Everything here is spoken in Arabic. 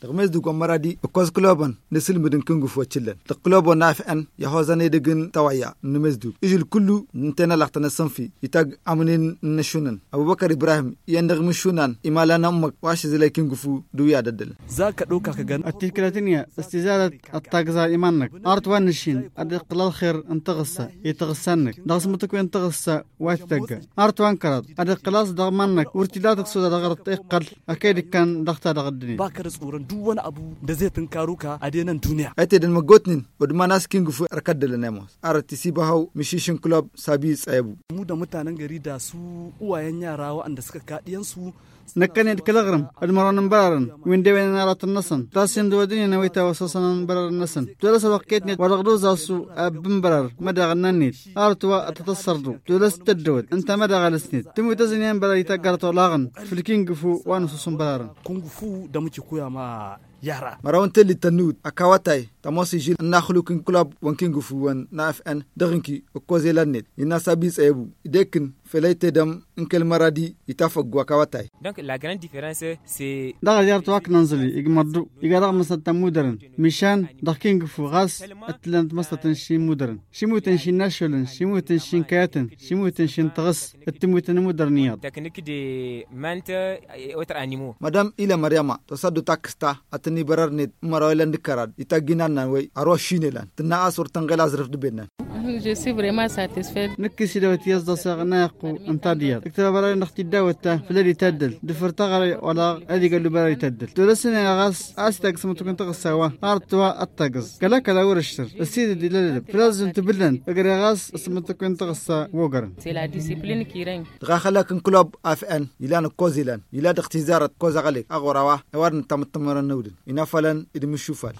تغمز دوغو مرادي بكوز كلوبون نسل مدن كنغو فو تشلن تقلوبو ناف ان يهوزاني دغن توايا نمز دوغ اجل كلو نتنا لختنا سنفي يتاغ امنين نشونن ابو بكر ابراهيم يندغ مشونان امالا نامك واش زلي كنغو فو دويا ددل زاكا دوكا كغن التكراتينيا استزاده التاغزا ايمانك ارت نشين اد قلال خير انتغسا يتغسنك داس متك وين تغسا واش اد قلاص دغمانك ورتيلاتك سودا دغرت اقل اكيد كان دغتا دغدني duk wani abu da zai tunkaro ka a dai nan duniya aite den ma waduma nas king fu arkad da lemos rtc bahau mishishin club sabi tsayabu mu da mutanen gari da su uwayen yara waɗanda suka kaɗiyansu su نكن الكلغرم المران مبارن وين دوين نارات النصن تاسين دودين نويتا وسوسن برر النصن تولس وقيتني ورغدوز اسو ابن برر مدى غنانيت ارتوا اتتصردو تولس تدود انت مدى غلسنيت تمو تزنين برر يتقرتو لاغن في الكينغفو وانسوسن برر كونغفو دمتي كويا ما yara marawnta litanud akawatai tamosi jil nakhlukin kulab wankin gufuwan na fn daginki okozelannet ina sabis ebu idekin feleyte dam nkel maradi ita fogwa kawatai donc la grande différence c'est daga yar to ak nanzli igmaddu igara masata mudran mishan dakin gfu gas atlant masatan shi mudran shimutan shi nashulan shimutan shi kayatan shimutan shi tgas atmutan mudraniyat technique de mante et autres animaux madame ila maryama to saddu taksta atni bararnit maroyland karad ita ginannan way aro shinelan tna asur tangela zrif dubenan Je suis vraiment satisfaite. نكسي دوت يزدا سغناقو انتاديا اكتب برا نختي داوتا فلالي تدل دفرتا غري ولا ادي قالو برا يتدل دولسنا غاس استاكس متكن تغسوا ارتوا التغز كلا كلا ورشتر السيد اللي لالب فلازم تبلن اقري غاس متكن تغسا وقرن سي لا ديسيبلين كيرين تغخلاك كلوب اف ان يلان كوزيلان يلا اختزارت كوزا غليك اغوروا اورن تمتمرن نودن ينفلن ادمشوفال